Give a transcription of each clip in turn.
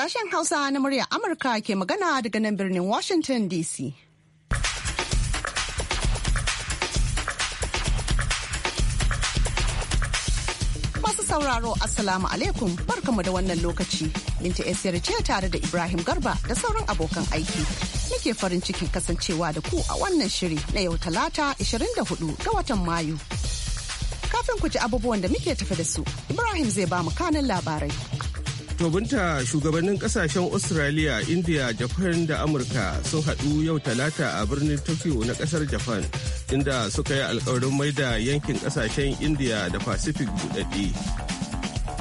Sashen Hausa na murya Amurka ke magana daga nan birnin Washington DC. Masu sauraro Assalamu alaikum barkamu da wannan lokaci. Binta Esiyar ce tare da Ibrahim Garba da sauran abokan aiki. Nake farin cikin kasancewa da ku a wannan shiri na yau talata 24 ga watan Mayu. Kafin ku ji abubuwan da muke tafi da su, Ibrahim zai ba mu kanin labarai. To binta shugabannin kasashen Australia, India, Japan da Amurka sun haɗu yau talata a birnin Tokyo na ƙasar Japan inda suka yi alkawarin maida yankin ƙasashen India da Pacific buɗaɗɗe.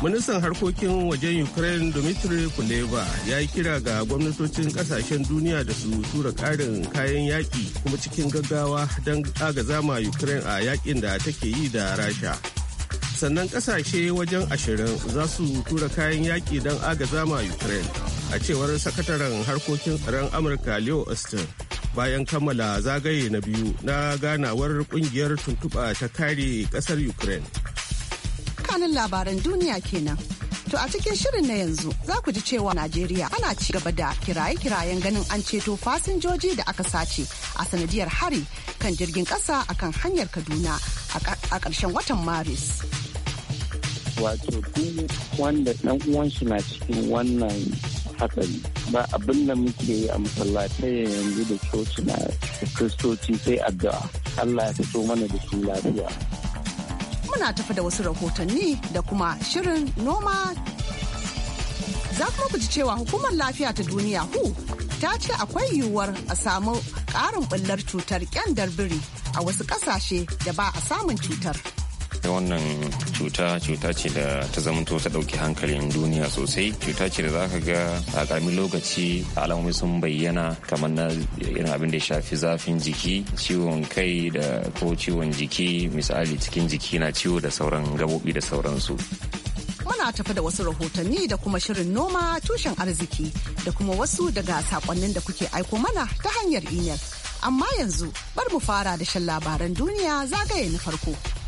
Ministan harkokin wajen Ukraine Dmitry Kuleba ya yi kira ga gwamnatocin kasashen duniya da su tura ƙarin kayan yaƙi kuma cikin gaggawa don agazama Ukraine a yaƙin da take yi da Rasha. sannan kasashe wajen ashirin za su tura kayan yaƙi don agaza ma ukraine a cewar sakataren harkokin tsaron amurka leo austin bayan kammala zagaye na biyu na ganawar kungiyar tuntuɓa ta kare ƙasar ukraine kanin labaran duniya kenan To a cikin shirin na yanzu za ku ji cewa Najeriya ana ci gaba da kiraye-kirayen ganin an ceto fasinjoji da aka sace a sanadiyar hari kan jirgin ƙasa akan hanyar Kaduna a ƙarshen watan Maris. wato duk wanda dan uwan na cikin wannan hatsari ba abin da muke yi a masallatai yanzu da coci na kristoci sai addu'a Allah ya fito mana da su lafiya muna tafi da wasu rahotanni da kuma shirin noma za kuma ku ji cewa hukumar lafiya ta duniya hu ta ce akwai yiwuwar a samu ƙarin ɓullar cutar kyandar biri a wasu ƙasashe da ba a samun cutar. da wannan cuta cuta ce da ta zamanto ta ɗauki hankalin duniya sosai cuta ce da zaka ga a ƙaramin lokaci alamomi sun bayyana kamar na irin abin da ya shafi zafin jiki ciwon kai da ko ciwon jiki misali cikin jiki na ciwo da sauran gabobi da sauransu muna tafi da wasu rahotanni da kuma shirin noma tushen arziki da kuma wasu daga sakonnin da kuke aiko mana ta hanyar imel. Amma yanzu bar mu fara da shan labaran duniya zagaye na farko.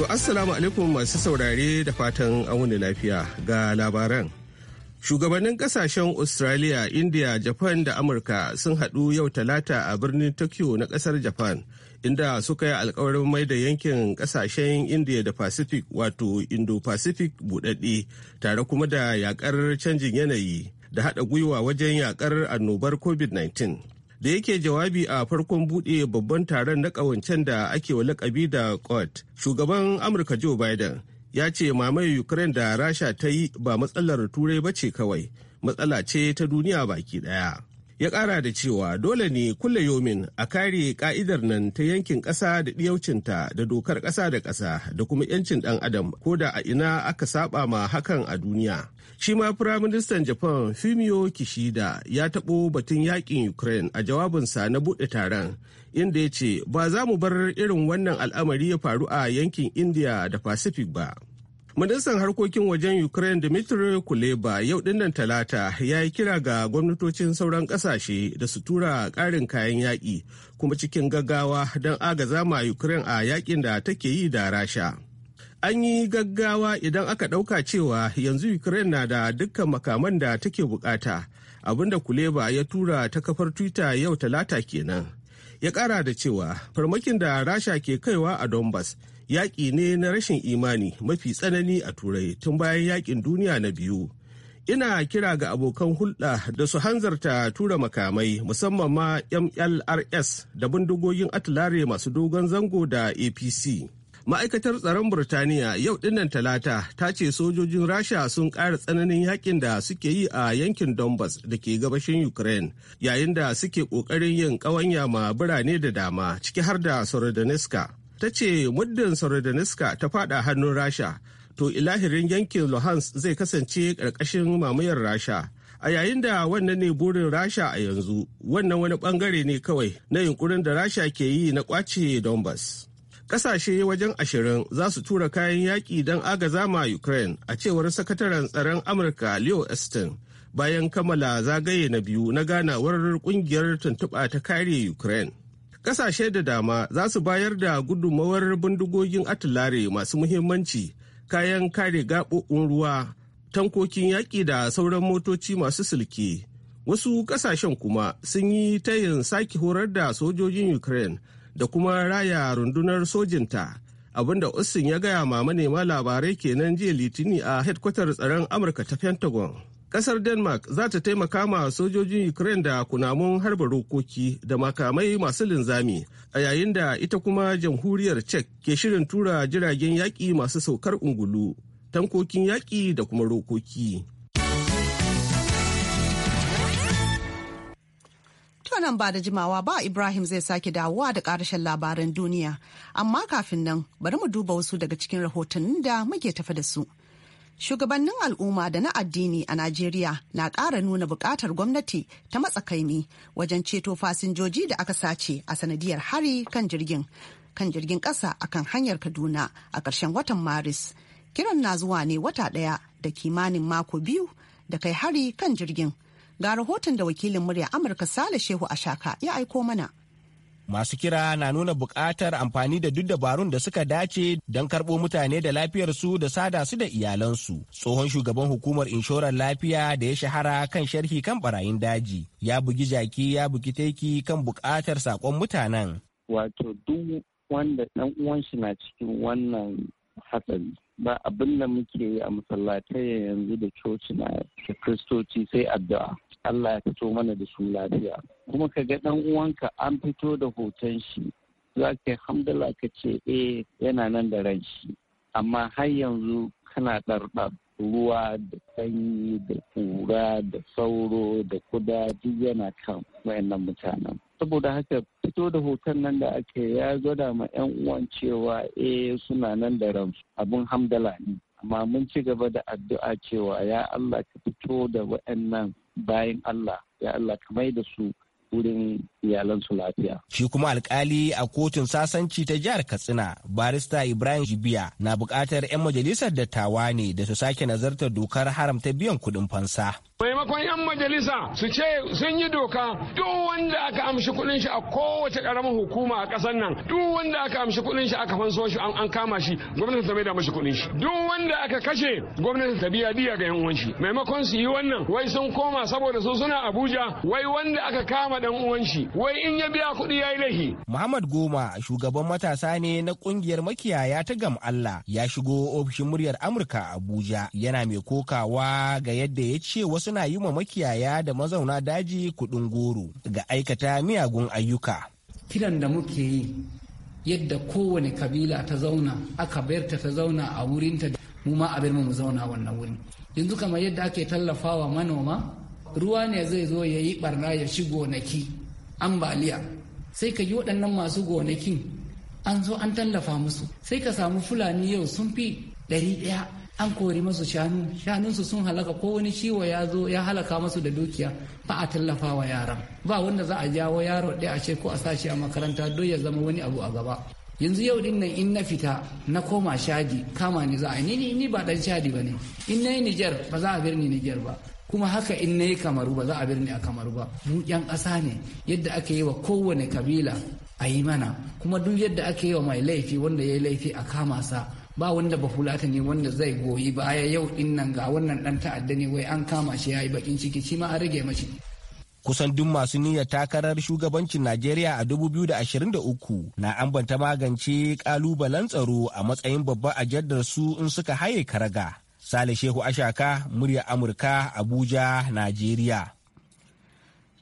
To Assalamu alaikum masu saurare da fatan wuni lafiya ga labaran. Shugabannin kasashen Australia, India, Japan da Amurka sun haɗu yau talata a birnin Tokyo na ƙasar Japan, inda suka yi alkawarin mai da yankin ƙasashen India da Pacific wato Indo-Pacific buɗaɗɗe tare kuma da yaƙar canjin yanayi da haɗa gwiwa wajen yaƙar annobar COVID-19. da yake jawabi a farkon buɗe babban taron na ƙawancen da ake wa lakabi da Quad. Shugaban Amurka Joe Biden ya ce mamaye Ukraine da Rasha ta yi ba matsalar Turai ba ce kawai, matsala ce ta duniya baki ɗaya. Ya ƙara da cewa dole ne kulle yomin a kare ka'idar nan ta yankin ƙasa da ɗiyaucinta da dokar ƙasa da ƙasa da kuma 'yancin ɗan adam ko da a ina aka saba ma hakan a duniya. Shi ma Firaministan Japan Fumio Kishida ya taɓo batun yakin Ukraine a jawabinsa na buɗe taron, inda ya ce ba za mu bar irin wannan al'amari ya faru a yankin India da Pacific ba. Ministan harkokin wajen Ukraine Dmitry Kuleba yau dinnan talata ya yi kira ga gwamnatocin sauran kasashe da su tura ƙarin kayan yaƙi kuma cikin gaggawa don agaza ma Ukraine a yaƙin da take yi da Rasha. an yi gaggawa idan aka ɗauka cewa yanzu ukraine na da dukkan makaman da take bukata abinda kuleba ya tura ta kafar twitter yau talata kenan ya ƙara da cewa farmakin da rasha ke kaiwa a donbass yaƙi ne na rashin imani mafi tsanani a turai tun bayan yaƙin duniya na biyu ina kira ga abokan hulɗa da su hanzarta tura makamai musamman ma mlrs da bindigogin atilare masu dogon zango da apc ma'aikatar tsaron burtaniya yau dinnan talata ta ce sojojin rasha sun ƙara tsananin yakin da suke yi a yankin donbass da ke gabashin ukraine yayin da suke ƙoƙarin yin ƙawanya ma birane da dama ciki har da sorodoniska ta ce muddin sorodoniska ta faɗa hannun rasha to ilahirin yankin luhansk zai kasance ƙarƙashin mamayar rasha a yayin da wannan ne burin rasha a yanzu wannan wani bangare ne kawai na yunkurin da rasha ke yi na kwace donbass Ƙasashe wajen ashirin za su tura kayan yaƙi don agaza ma Ukraine a cewar sakataren tsaron Amurka Leo Estin bayan kamala zagaye na biyu na ganawar ƙungiyar tuntuɓa ta kare Ukraine. Ƙasashe da dama za su bayar da gudunmawar bindigogin atulare masu muhimmanci, kayan kare gaɓoɓin ruwa, tankokin yaƙi da sauran motoci masu sulki Wasu ƙasashen kuma sun yi tayin sake horar da sojojin Ukraine da kuma raya rundunar sojinta abinda Austin ya gaya ma manema labarai kenan jiya litini a hedkwatar tsaron Amurka ta Pentagon. Kasar Denmark za ta taimaka ma sojojin Ukraine da kunamun harba rokoki da makamai masu linzami a yayin da ita kuma jamhuriyar Czech ke shirin tura jiragen yaƙi masu saukar ungulu, tankokin yaƙi da kuma rokoki. nan ba da jimawa ba Ibrahim zai sake dawowa da karashen labaran duniya. Amma kafin nan bari mu duba wasu daga cikin rahotannin da muke tafa da su. Shugabannin al'umma da na addini a Najeriya na ƙara nuna buƙatar gwamnati ta matsa kaimi wajen ceto fasinjoji da aka sace a sanadiyar hari kan jirgin kan jirgin ƙasa akan hanyar Kaduna a ƙarshen watan Maris. Kiran na zuwa ne wata ɗaya da kimanin mako biyu da kai hari kan jirgin. Ga rahoton da wakilin murya Amurka Sale Shehu Ashaka ya aiko mana. Masu kira na nuna buƙatar amfani da duk dabarun da suka dace don karɓo mutane da lafiyarsu da sada su da iyalansu. Tsohon shugaban hukumar inshorar lafiya da ya shahara kan sharhi kan barayin daji ya bugi jaki ya bugi teki kan buƙatar saƙon mutanen. Wato duk wanda ɗan uwan shi na cikin wannan hatsari ba abin da muke yi a masallatai yanzu da coci na da kristoci sai addu'a Allah ya fito mana da su lafiya kuma ka ga dan uwanka an fito da hoton shi za ka yi hamdala ka ce eh yana nan da ran shi amma har yanzu kana ɗarɗar ruwa da sanyi da kura da sauro da kuda duk yana kan wayannan mutanen saboda haka fito da hoton nan da aka ya gwada ma 'yan uwan cewa eh suna nan da ransu abun hamdala ne amma mun ci gaba da addu'a cewa ya Allah ka fito da wa'annan bayan Allah ya Allah ka mai da su wurin iyalansu lafiya. Shi kuma alkali a kotun sasanci ta jihar Katsina, barista Ibrahim Jibiya na bukatar 'yan majalisar dattawa ne da su sake nazartar dokar haramta biyan kuɗin fansa. maimakon 'yan majalisa su ce sun yi doka duk wanda aka amshi kudin shi a kowace karamin hukuma a kasar nan duk wanda aka amshi kudin shi aka fanso shi an kama shi gwamnati ta maida mashi kudin shi duk wanda aka kashe gwamnati ta biya diya ga yan shi maimakon su yi wannan wai sun koma saboda su suna Abuja wai wanda aka kama dan uwanshi wai in ya biya kudi yayi laifi Muhammad Goma shugaban matasa ne na kungiyar makiyaya ta Gam Allah ya shigo ofishin muryar Amurka Abuja yana mai kokawa ga yadda ya ce wasu suna yi wa makiyaya da mazauna daji kuɗin goro ga aikata miyagun ayyuka. Kiran da muke yi yadda kowane kabila ta zauna aka bayar ta zauna a wurinta mu ma abin mu zauna wannan wurin. Yanzu kama yadda ake tallafawa manoma ruwa ne zai zo ya yi barna ya shi gonaki ambaliya sai ka yi waɗannan masu gonakin an zo an tallafa musu sai ka samu fulani yau sun fi ɗari ɗaya an kori masu shanu shanunsu sun halaka ko wani ciwo ya zo ya halaka masu da dukiya ba a tallafa wa yaran ba wanda za a jawo yaro ɗaya a ce ko a sashi a makaranta don ya zama wani abu a gaba yanzu yau din nan in na fita na koma shadi kama ni za a ni ni ba dan shadi ba ne in na yi nijar ba za a birni nijar ba kuma haka in na yi kamaru ba za a birni a kamaru ba mu yan ƙasa ne yadda aka yi wa kowane kabila a yi mana kuma duk yadda aka yi wa mai laifi wanda ya yi laifi a kama sa ba wanda ba fulata ne wanda zai goyi baya yau din nan ga wannan dan ta'adda ne wai an kama shi yayi bakin ciki shi ma an rage mashi kusan duk masu niyyar takarar shugabancin Najeriya a 2023 na ambanta magance kalubalen tsaro a matsayin babban ajandar su in suka haye karaga. Sale Shehu Ashaka, murya Amurka, Abuja, Najeriya.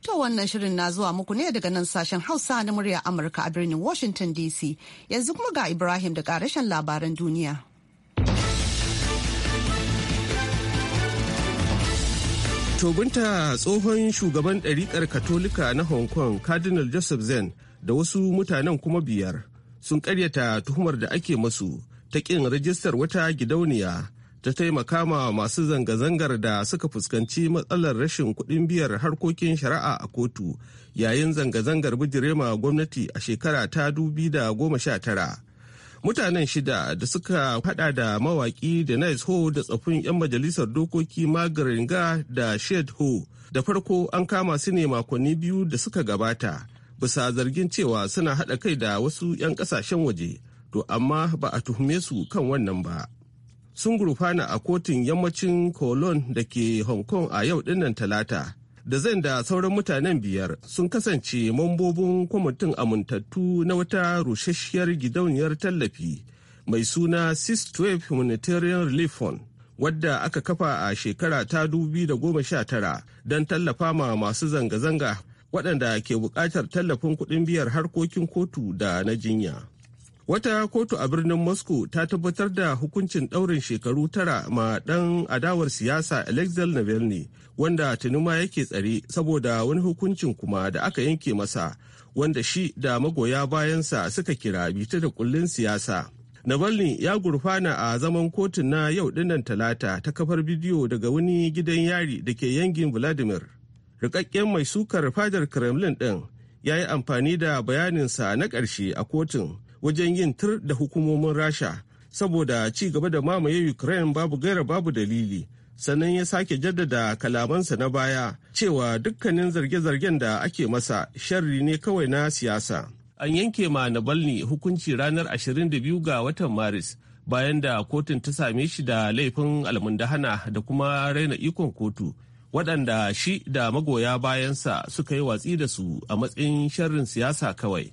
To wannan shirin na zuwa muku ne daga nan sashen Hausa na murya Amurka a birnin Washington DC. Yanzu kuma ga Ibrahim da ƙarashen labaran duniya. Tobinta tsohon shugaban ɗariƙar Katolika na Hong Kong, Cardinal Joseph Zen, da wasu mutanen kuma biyar sun ƙaryata tuhumar da ake masu ta ƙin rajistar wata gidauniya ta taimaka ma masu zanga-zangar da suka fuskanci matsalar rashin kuɗin biyar harkokin shari'a a kotu yayin zanga-zangar bijirema gwamnati a shekara ta da tara. Mutanen shida da suka hada da mawaki da Nice Ho da tsafin 'yan majalisar dokoki Magaringa da Shed Ho da farko an kama su ne makonni biyu da suka gabata bisa zargin cewa suna haɗa kai da wasu 'yan ƙasashen waje to amma ba a tuhume su kan wannan ba. sun gurfana a kotun yammacin Cologne da ke Hong Kong a yau dinnan talata. Da zan da sauran mutanen biyar sun kasance mambobin kwamitin amintattu na wata rusasshiyar gidauniyar tallafi mai suna 612 Humanitarian Relief Fund. wadda aka kafa a shekara ta 2019 don tallafa ma masu zanga-zanga waɗanda ke buƙatar tallafin kuɗin biyar harkokin kotu da na jinya. Wata kotu a birnin Moscow ta tabbatar da hukuncin ɗaurin shekaru tara ma ɗan adawar siyasa Alexei Navalny wanda tunuma yake tsare saboda wani hukuncin kuma da aka yanke masa wanda shi da magoya bayansa suka kira bita da kullin siyasa. Navalny ya gurfana a zaman kotun na yau dinnan talata ta kafar bidiyo daga wani gidan yari da ke yangin Vladimir. Rikakken mai sukar fadar Kremlin ɗin ya yi amfani da bayaninsa na ƙarshe a kotun wajen yin tur da hukumomin rasha saboda ci gaba da mamaye ukraine babu gaira babu dalili sannan ya sake jaddada kalamansa na baya cewa dukkanin zarge-zargen da ake masa sharri ne kawai na siyasa an yanke ma Balni hukunci ranar 22 ga watan maris bayan da kotun ta same shi da laifin almundahana da kuma raina ikon kotu waɗanda shi da magoya bayansa suka yi watsi da su a matsayin sharrin siyasa kawai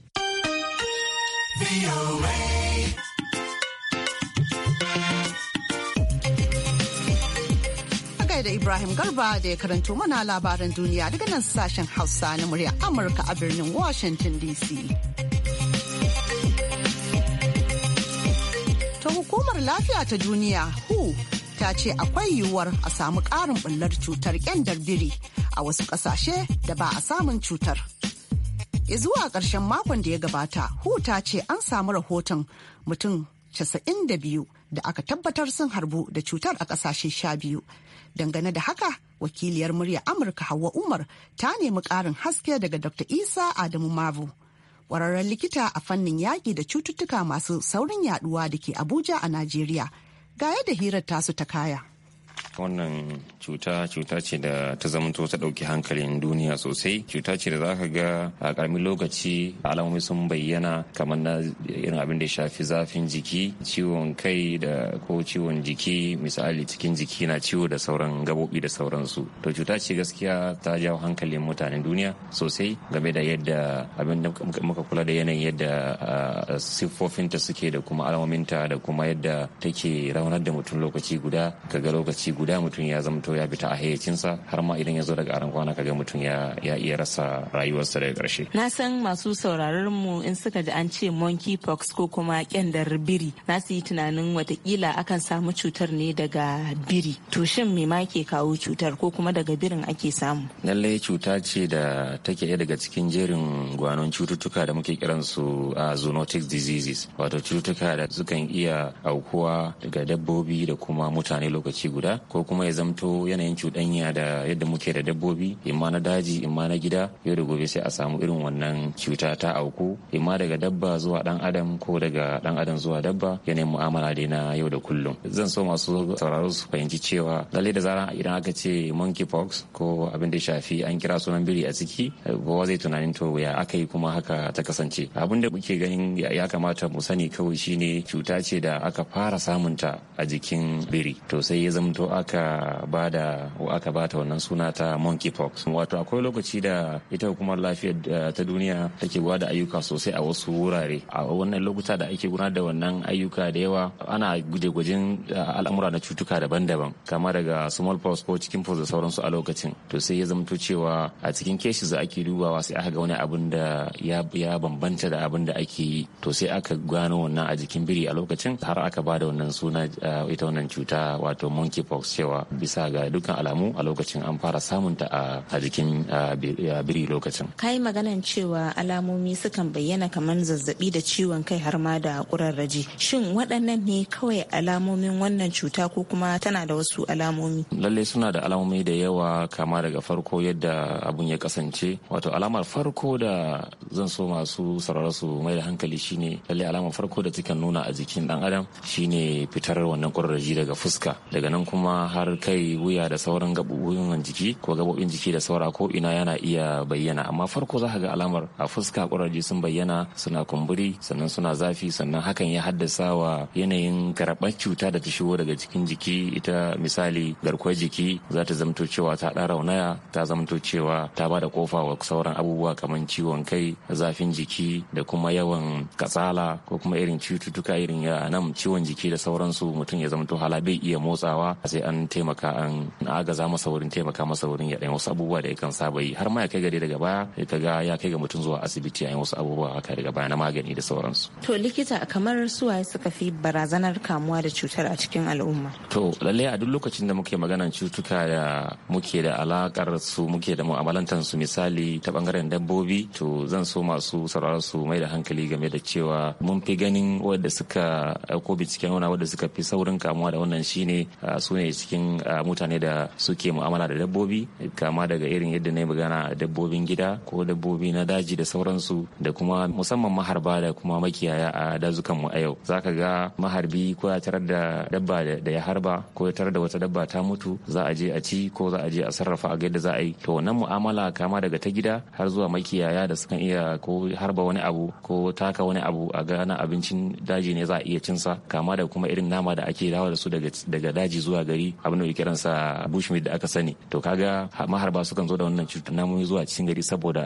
da Ibrahim Garba da ya karanto mana labaran duniya daga nan sashen Hausa na murya Amurka a birnin Washington DC. Ta hukumar lafiya ta duniya WHO ta ce akwai yiwuwar a samu ƙarin ɓullar cutar ƙyandar biri a wasu ƙasashe da ba a samun cutar. zuwa ƙarshen makon da ya gabata huta ce an samu rahoton mutum 92 da aka tabbatar sun harbu da cutar a ƙasashe sha biyu dangane da haka wakiliyar murya amurka hawa umar ta nemi ƙarin haske daga dr isa adamu mavu ƙwararren likita a fannin yaƙi da cututtuka masu saurin yaduwa da ke abuja a najeriya ga yadda hirar tasu ta kaya wannan cuta cuta ce da ta zamanto ta ɗauki hankalin duniya sosai cuta ce da zaka ga a ƙaramin lokaci alamomi sun bayyana kamar na irin abin da ya shafi zafin jiki ciwon kai da ko ciwon jiki misali cikin jiki na ciwo da sauran gabobi da sauransu to cuta ce gaskiya ta jawo hankalin mutanen duniya sosai game da yadda abin da muka kula da yanayin yadda siffofinta suke da kuma alamominta da kuma yadda take raunar da mutum lokaci guda ga lokaci guda guda mutum ya zama ya fita a hayyacinsa har ma idan ya zo daga aran kwana kaga mutum ya iya rasa rayuwarsa daga karshe. Na san masu sauraron mu in suka ji an ce monkey pox ko kuma kyandar biri na su yi tunanin watakila akan samu cutar ne daga biri. To shin me ma ke kawo cutar ko kuma daga birin ake samu? Lallai cuta ce da take ɗaya daga cikin jerin gwanon cututtuka da muke su a zoonotic diseases wato cututtuka da sukan iya aukuwa daga dabbobi da kuma mutane lokaci guda ko kuma ya zamto yanayin cuɗanya da yadda muke da dabbobi imma na daji imma na gida yau da gobe sai a samu irin wannan cuta ta auku imma daga dabba zuwa ɗan adam ko daga dan adam zuwa dabba yanayin mu'amala dai na yau da kullum zan so masu sauraro su fahimci cewa lalle da zaran idan aka ce monkeypox ko abin da shafi an kira sunan biri a ciki bawa zai tunanin to ya aka yi kuma haka ta kasance abin da muke ganin ya kamata mu sani kawai shine cuta ce da aka fara samunta a jikin biri to sai ya zamto aka ba da aka ba wannan suna ta monkeypox wato akwai lokaci da ita hukumar lafiya eh, ta duniya take gwada da ayyuka sosai a wasu wurare a wannan lokuta da ake gudanar da wannan ayyuka da yawa ana guje-gujen eh, al'amura na cutuka daban-daban kama daga smallpox ko cikin pox da sauransu a lokacin to sai ya zamto cewa a cikin cases da ake dubawa sai aka ga wani abin da ya bambanta da abin da ake yi to sai aka gano wannan a jikin biri a lokacin har aka ba da wannan suna eh, ita wannan cuta wato monkeypox cewa bisa ga dukkan alamu a lokacin an fara samun ta a jikin biri lokacin. Kayi maganan cewa alamomi sukan bayyana kamar zazzabi da ciwon kai har ma da kurarraji. Shin waɗannan ne kawai alamomin wannan cuta ko kuma tana da wasu alamomi? Lalle suna da alamomi da yawa kama daga farko yadda abun ya kasance. Wato alamar farko da zan so masu sauraro su mai da hankali shine lalle alamar farko da take nuna a jikin ɗan adam shine fitar wannan kurarraji daga fuska daga nan kuma har kai wuya da sauran gabobin jiki ko gabobin jiki da saura ko ina yana iya bayyana amma farko za ka ga alamar a fuska kuraje sun bayyana suna kumburi sannan suna zafi sannan hakan ya haddasa wa yanayin karɓar cuta da ta shigo daga cikin jiki ita misali garkuwar jiki za ta zamto cewa ta ɗan raunaya ta zamto cewa ta ba da kofa wa sauran abubuwa kamar ciwon kai zafin jiki da kuma yawan katsala ko kuma irin cututtuka irin ya nan ciwon jiki da sauransu mutum ya zamto hala bai iya motsawa sai an taimaka an agaza masa wurin taimaka masa wurin ya wasu abubuwa da yakan saba yi har ma ya kai gari daga baya ya ga ya kai ga mutum zuwa asibiti a wasu abubuwa haka daga baya na magani da sauransu. To likita kamar suwaye suka fi barazanar kamuwa da cutar a cikin al'umma. To lallai a duk lokacin da muke maganan cutuka da muke da alakar su muke da mu'amalantar su misali ta bangaren dabbobi to zan so masu sauraron su mai da hankali game da cewa mun fi ganin wadda suka ko binciken wadda suka fi saurin kamuwa da wannan shine su ne cikin ah, mutane da suke mu'amala da dabbobi kama daga irin yadda na yi magana dabbobin gida ko dabbobi na daji da sauransu da kuma musamman maharba da kuma makiyaya a dazukan mu a yau za ka ga maharbi ko ya tarar da dabba da ya harba ko ya tarar da wata dabba ta mutu za a je a ci ko za a je a sarrafa a ga yadda za a yi to wannan mu'amala kama daga ta gida har zuwa makiyaya da sukan iya ko harba wani abu ko taka wani abu a ga abincin daji ne za a iya cinsa kama da kuma irin nama da ake dawo da su daga daji zuwa gari yi abin da kiransa bushmeat da aka sani to kaga maharba sukan zo da wannan cutar namomi zuwa cikin gari saboda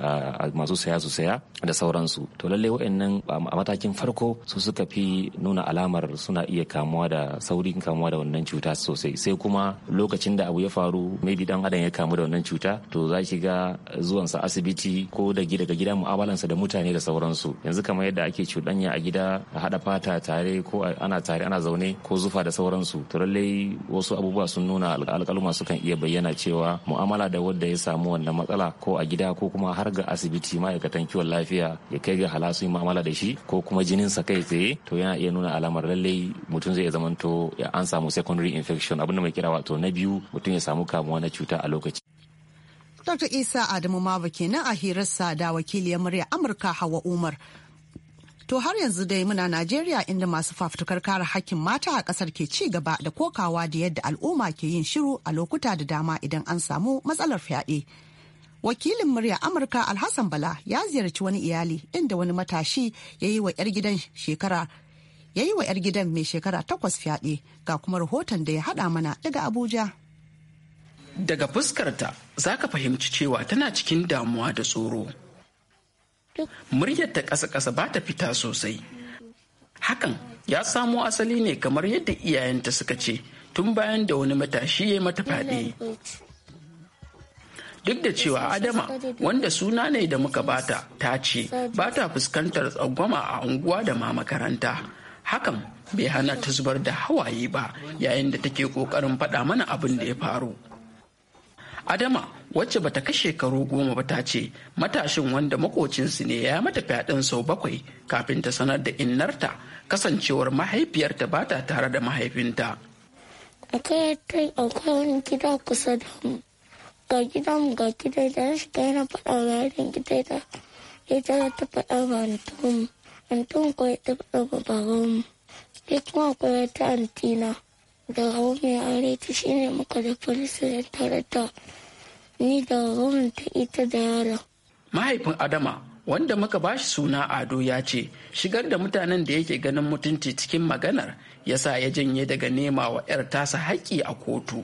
masu saya su saya da sauransu to lallai wa'annan a matakin farko su suka fi nuna alamar suna iya kamuwa da saurin kamuwa da wannan cuta sosai sai kuma lokacin da abu ya faru maybe dan adam ya kamu da wannan cuta to za ki ga zuwansa asibiti ko da daga gida mu'amalansa da mutane da sauransu yanzu kamar yadda ake cuɗanya a gida a hada fata tare ko ana tare ana zaune ko zufa da sauransu to lallai wasu abu abubuwa sun nuna alƙaluma kan iya bayyana cewa mu'amala da wanda ya samu wannan matsala ko a gida ko kuma har ga asibiti ma'aikatan kiwon lafiya ya kai ga halasu mu'amala da shi ko kuma jinin sa kai tsaye to yana iya nuna alamar lallai mutum zai zamanto ya an samu secondary infection abinda mai kira wato na biyu mutum ya samu kamuwa na cuta a lokaci Dr. Isa Adamu Mabu kenan a hirarsa da ya murya Amurka Hawa Umar To har yanzu dai muna Najeriya inda masu fafutukar kare hakkin mata a ƙasar ke ci gaba da kokawa da yadda al'umma ke yin shiru a lokuta da dama idan an samu matsalar fyaɗe. Wakilin murya Amurka Alhassan Bala ya ziyarci wani iyali inda wani matashi ya yi wa 'yar gidan shekara ya yi wa 'yar gidan mai shekara takwas fyaɗe ga kuma rahoton da ya haɗa mana daga Abuja. Daga fuskarta za ka fahimci cewa tana cikin damuwa da tsoro. muryar ta ƙasa-ƙasa ba ta fita sosai hakan ya samo asali ne kamar yadda iyayenta suka ce tun bayan da wani matashi ya mata fyaɗe duk da cewa adama wanda suna ne da muka bata ta ce ba ta fuskantar tsagwama a unguwa da ma makaranta hakan bai hana ta zubar da hawaye ba yayin da take kokarin faɗa mana abin da ya faru adama wacce bata kai shekaru goma ba ta ce matashin wanda makocinsu ne ya mata fyaɗen sau bakwai kafin ta sanar da innarta kasancewar mahaifiyarta ba ta tare da mahaifinta. akwai wani gida kusa da mu ga gidan ga gida da ya shiga yana faɗa wa yarin gida da ya tara ta faɗa wa antum antum ko ya ta faɗa wa babanmu sai kuma akwai wata antina da hau mai aure ta shine muka da polisi ya tare ta ni da babanmu ta ita da yaro. Mahaifin Adama wanda muka bashi suna Ado ya ce shigar da mutanen da yake ganin mutunci cikin maganar ya sa ya janye daga nema wa 'yar tasa haƙƙi a kotu.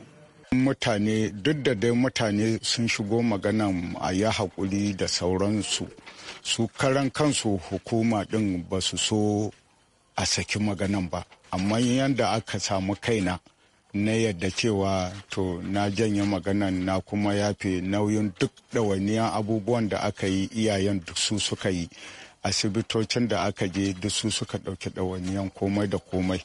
Mutane duk da dai mutane sun shigo maganan a ya haƙuri da sauransu su karan kansu hukuma ɗin ba su so a saki maganan ba amma yadda aka samu kaina na yadda cewa to na janye magana na kuma yafe nauyin duk ɗawainiyar abubuwan da aka yi iyayen duk su suka yi asibitocin da aka je duk su suka ɗauki ɗawainiyar komai da komai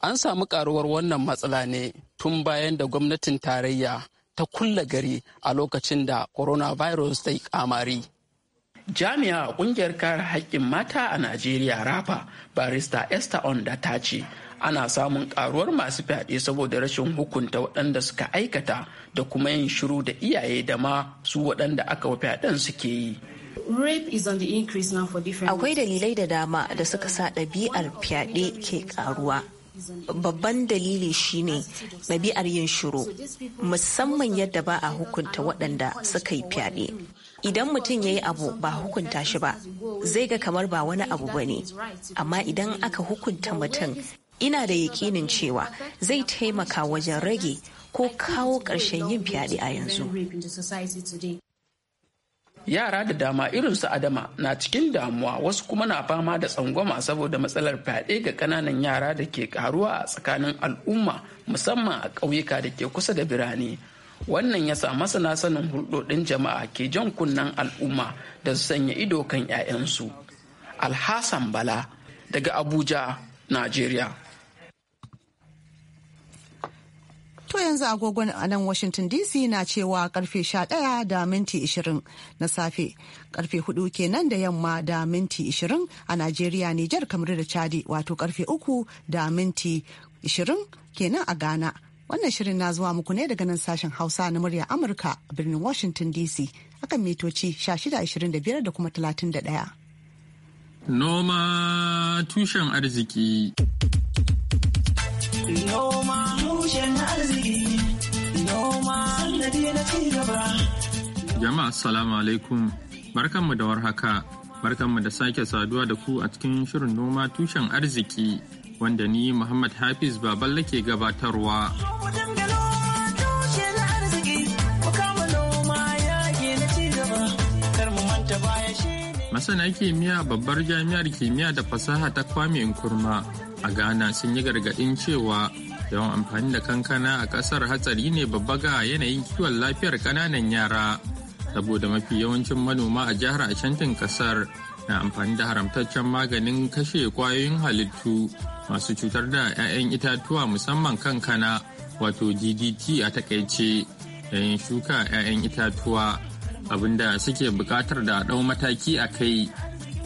an samu karuwar wannan matsala ne tun bayan da gwamnatin tarayya ta kulla gari a lokacin da coronavirus ta yi kamari jami'a kungiyar kare haƙƙin mata a najeriya rafa barista esther onda ta ce ana samun karuwar masu fyaɗe saboda rashin hukunta waɗanda suka aikata da kuma yin shiru da iyaye da ma su waɗanda aka wa fyaɗen suke yi akwai dalilai da dama da suka sa ɗabi'ar fyaɗe ke karuwa babban dalili shine ɗabi'ar yin shiru musamman yadda ba a hukunta waɗanda suka yi fyaɗe idan mutum ya yi abu ba hukunta shi ba zai ga kamar ba wani abu ba ne amma idan aka hukunta mutum ina da yakinin cewa zai taimaka wajen rage ko kawo ƙarshen yin fyaɗe a yanzu. Yara da dama irin su Adama na cikin damuwa wasu kuma na fama da tsangwama saboda matsalar fyaɗe ga ƙananan yara da ke karuwa a tsakanin al'umma musamman a ƙauyuka da ke kusa da birane. Wannan ya sa masana sanin hulɗoɗin jama'a ke jan kunnen al'umma da su sanya ido kan 'ya'yansu. Alhassan Bala daga Abuja, Najeriya. To yanzu agogon a nan Washington DC na cewa karfe 11 da minti 20 na safe, karfe 4 kenan da yamma da minti 20 a Najeriya, Nijar, kamar da Chadi wato karfe 3 da minti 20 kenan a Ghana. Wannan shirin na zuwa muku ne daga nan sashen Hausa na murya Amurka a birnin Washington DC akan mitoci 1625 da kuma 31. Noma tushen arziki. Noma Jama'a salamu alaikum barkanmu da warhaka barkanmu da sake saduwa da ku a cikin shirin noma tushen arziki wanda ni Muhammad Hafiz Baballe ke gabatarwa. Masana kimiyya babbar jami'ar kimiyya da fasaha ta kwame Nkrumah. a ghana sun yi gargadin cewa yawan amfani da kankana a kasar hatsari ne babba ga yanayin kiwon lafiyar kananan yara saboda mafi yawancin manoma a jihar ashantin kasar na amfani da haramtaccen maganin kashe kwayoyin halittu masu cutar da 'ya'yan itatuwa musamman kankana wato ddt a takaice yayin shuka 'ya'yan itatuwa abinda suke buƙatar da ɗau mataki a kai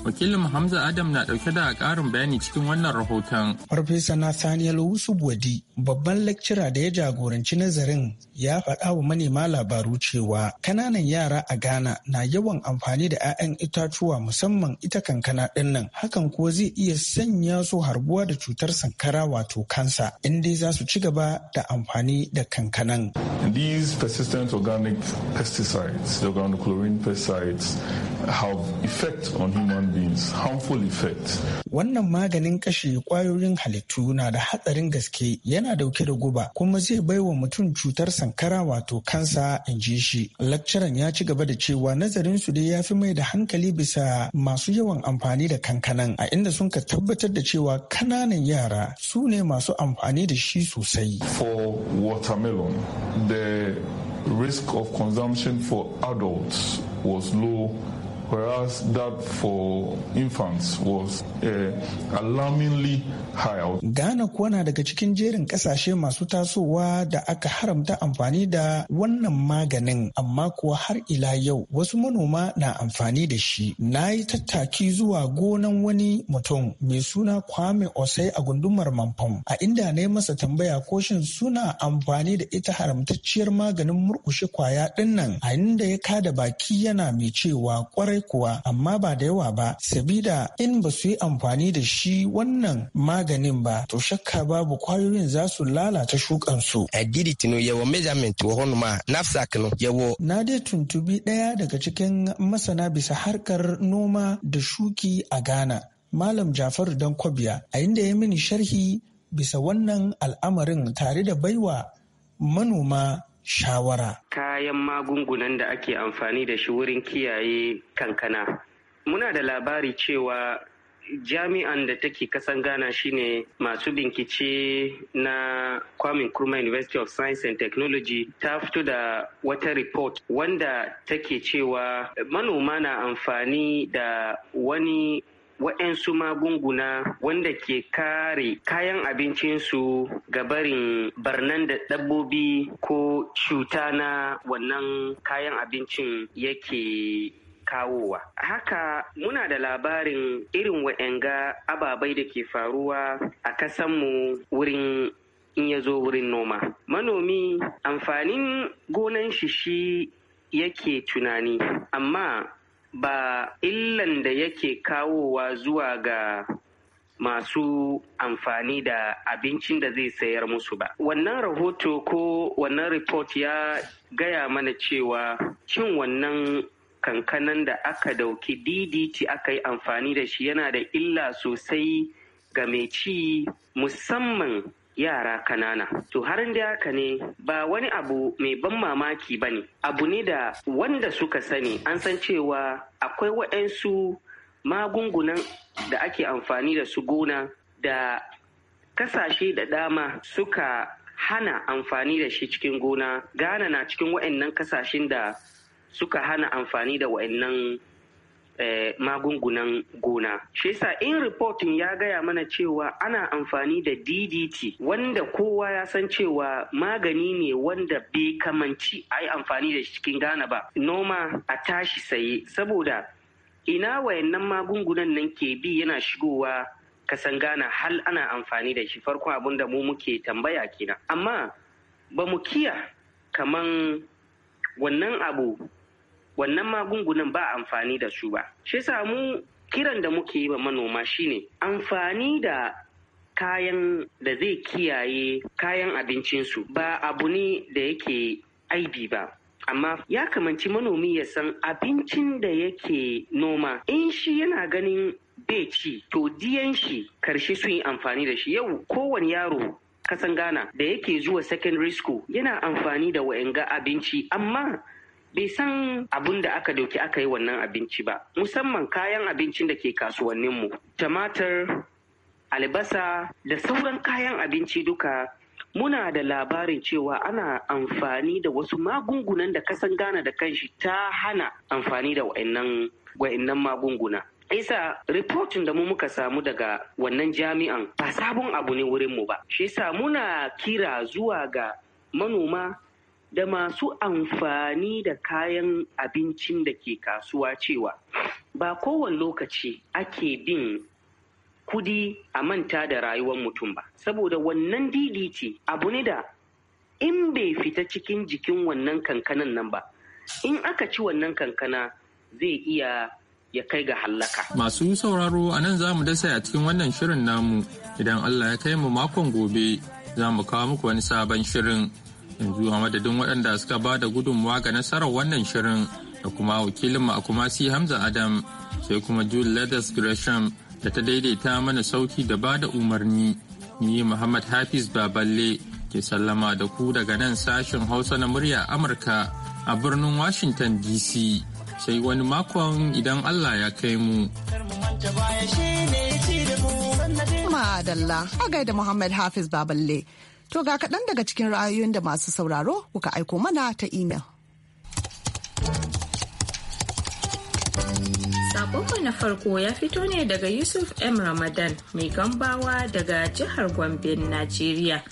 wakilin hamza adam na dauke da karin bayani cikin wannan rahoton farfesa nathaniel wusubwadi babban lecturer da ya jagoranci nazarin ya faɗa wa manema labaru cewa kananan yara a ghana na yawan amfani da 'ya'yan itatuwa musamman ita kankana ɗin hakan kuwa zai iya sanya su harbuwa da cutar sankara wato kansa in dai za su ci gaba da amfani da kankanan These persistent organic pesticides, the chlorine pesticides, have effect on human means harmful effect. Wannan maganin kashe kwayoyin halittu na da hatsarin gaske yana dauke da guba kuma zai bai wa mutum cutar sankara wato kansa in ji shi. Lakcaran ya ci gaba da cewa nazarin su dai ya fi mai da hankali bisa masu yawan amfani da kankanan a inda sun ka tabbatar da cewa kananan yara su ne masu amfani da shi sosai. For watermelon, the risk of consumption for adults was low whereas that for infants was uh, alarmingly high. Ghana kuwa na daga cikin jerin kasashe masu tasowa da aka haramta amfani da wannan maganin amma kuwa har ila yau wasu manoma na amfani da shi. Na yi tattaki zuwa gonan wani mutum mai suna Kwame Osai a gundumar Mampam a inda na yi masa tambaya ko shin suna amfani da ita haramtacciyar maganin murkushe kwaya dinnan a inda ya kada baki yana mai cewa kwarai kuwa amma ba da yawa ba sabida in ba su yi amfani da shi wannan maganin ba to shakka babu kwayoyin za su lalata shukansu. su tinu yawo measurement wa hono ma nafsak no yawo. Na dai tuntubi ɗaya daga cikin masana bisa harkar noma da shuki a Ghana. Malam Jafaru kwabiya a inda ya mini sharhi bisa wannan al'amarin tare da baiwa manoma shawara. Kayan magungunan da ake amfani da shi wurin kiyaye kankana. Muna da labari cewa jami'an da take kasan Ghana shine masu binkice na Kwame Nkrumah University of Science and Technology ta fito da wata report wanda take cewa manoma na amfani da wani waɗansu magunguna wanda ke kare kayan abincinsu ga barin barnan da dabbobi ko cuta na wannan kayan abincin yake kawowa. Haka muna da labarin irin wa'yanga ababai da ke faruwa a kasanmu wurin in ya zo wurin noma. Manomi amfanin gonan shi shi yake tunani, amma ba illan da yake kawowa zuwa ga masu amfani da abincin da zai sayar musu ba. Wannan rahoto ko wannan report ya gaya mana cewa cin wannan kankanan da aka dauki DDT aka yi amfani da shi yana da illa sosai ga mai ci musamman yara kanana to har da haka ne ba wani abu mai ban mamaki ba ne abu ne da wanda suka sani an san cewa akwai waɗansu magungunan da ake amfani da su gona da kasashe da dama suka hana amfani da shi cikin gona gana na cikin waɗannan kasashen da suka hana amfani da waɗannan eh, magungunan gona. Shi yasa in reportin ya gaya mana cewa ana amfani da DDT wanda kowa ya san cewa magani ne wanda bai kamanci a yi amfani da shi cikin Ghana ba. Noma a tashi saye saboda ina wayannan magungunan nan ke bi yana shigowa kasan gana hal ana amfani da shi farkon abin da mu muke tambaya kenan. Amma ba mu kiya kaman wannan abu wannan magungunan ba amfani da su ba shi samu kiran da muke yi wa manoma shine amfani da kayan da zai kiyaye kayan abincinsu ba abu ne da yake aibi ba amma ya kamanci manomi ya san abincin da yake noma in shi yana ganin bai ci to diyan shi karshe su yi amfani da shi yau kowane yaro kasan Ghana da yake zuwa secondary school yana amfani da wa'anga abinci amma bai san abun da aka dauki aka yi wannan abinci ba musamman kayan abincin da ke kasuwanninmu tumatir albasa da sauran kayan abinci duka muna da labarin cewa ana amfani da wasu magungunan da kasan gana da kanshi ta hana amfani da wa'annan magunguna isa ripotin da mu muka samu daga wannan jami'an ba sabon abu ne wurinmu ba shi yasa muna kira zuwa ga manoma da masu amfani da kayan abincin da ke kasuwa cewa ba kowane lokaci ake bin kudi a manta da rayuwar mutum ba saboda wannan ce abu ne da in bai fita cikin jikin wannan kankanan nan ba in aka ci wannan kankana zai iya ya kai ga hallaka. Masu sauraro a nan za mu dasa a cikin wannan shirin namu idan Allah ya kai mu makon gobe za mu kawo muku wani sabon shirin in ji madadin waɗanda suka ba da gudunmawa ga nasarar wannan shirin da kuma wakilinmu a kumasi hamza adam sai kuma jude leathers gresham da ta daidaita mana sauki da ba da umarni ni muhammad hafiz baballe ke sallama da ku daga nan sashen hausa na murya amurka a birnin washington dc sai wani makon idan allah ya kai mu madalla a gaida muhammad hafiz baballe To ga kaɗan daga cikin ra'ayoyin da masu sauraro kuka aiko mana ta imel. Sakonmu na farko ya fito ne daga Yusuf M. Ramadan mai gambawa daga jihar Gombe, Najeriya.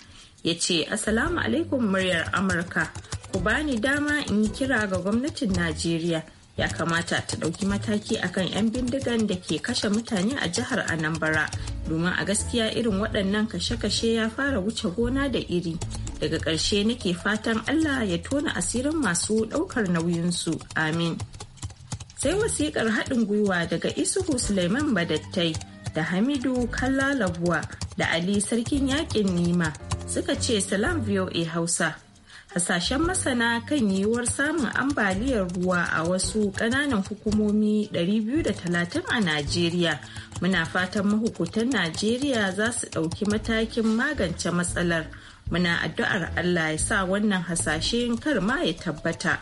Ya ce, Assalamu alaikum muryar Amurka, ku bani dama in yi kira ga gwamnatin Najeriya. Ya kamata ta ɗauki mataki akan 'yan bindigan da ke kashe mutane a jihar Anambra domin a gaskiya irin waɗannan kashe-kashe ya fara wuce gona da iri daga ƙarshe nake fatan allah ya tona asirin masu ɗaukar nauyinsu amin sai wasiƙar haɗin gwiwa daga isuhu suleiman badattai da hamidu kallalabuwa da ali sarkin yaƙin nima suka ce salam voa hausa hasashen masana kan yiwuwar samun ambaliyar ruwa a wasu ƙananan hukumomi 230 a Najeriya. Muna fatan mahukutan Najeriya za su ɗauki matakin magance matsalar. Muna addu'ar Allah ya sa wannan hasashen kar ma ya tabbata.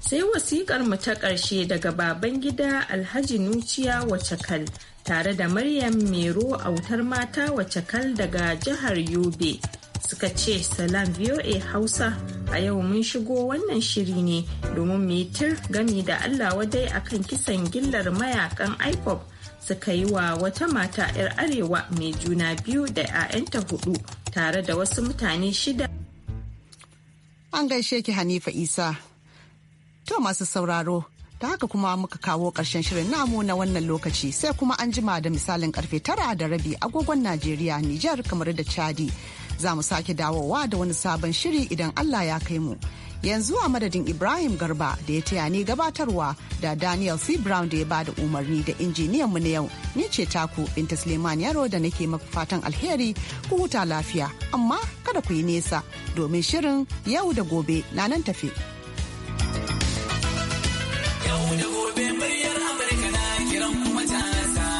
Sai wasiƙar mu ta ƙarshe daga baban gida Alhaji Nuciya Wacakal tare da Maryam Mero autar mata Wacakal daga jihar Yobe. suka ce salam voa hausa a yau mun shigo wannan shiri ne domin mitir gami da allah wadai akan kisan gillar mayakan ipop suka yi wa wata mata 'yar arewa mai juna biyu da 'ya'yanta hudu tare da wasu mutane shida an gaishe ki hanifa isa to masu sauraro ta haka kuma muka kawo ƙarshen shirin namu na wannan lokaci sai kuma an jima da misalin karfe tara da rabi agogon najeriya nijar kamar da chadi za mu sake dawowa da wani sabon shiri idan Allah ya kai mu. Yanzu a madadin Ibrahim Garba da ya taya ni gabatarwa da Daniel C. Brown da ya bada umarni da injiniyan mu na yau, ni ce taku Binta Suleiman Yaro da nake maku alheri ku huta lafiya, amma kada ku yi nesa domin shirin yau da gobe na nan tafi.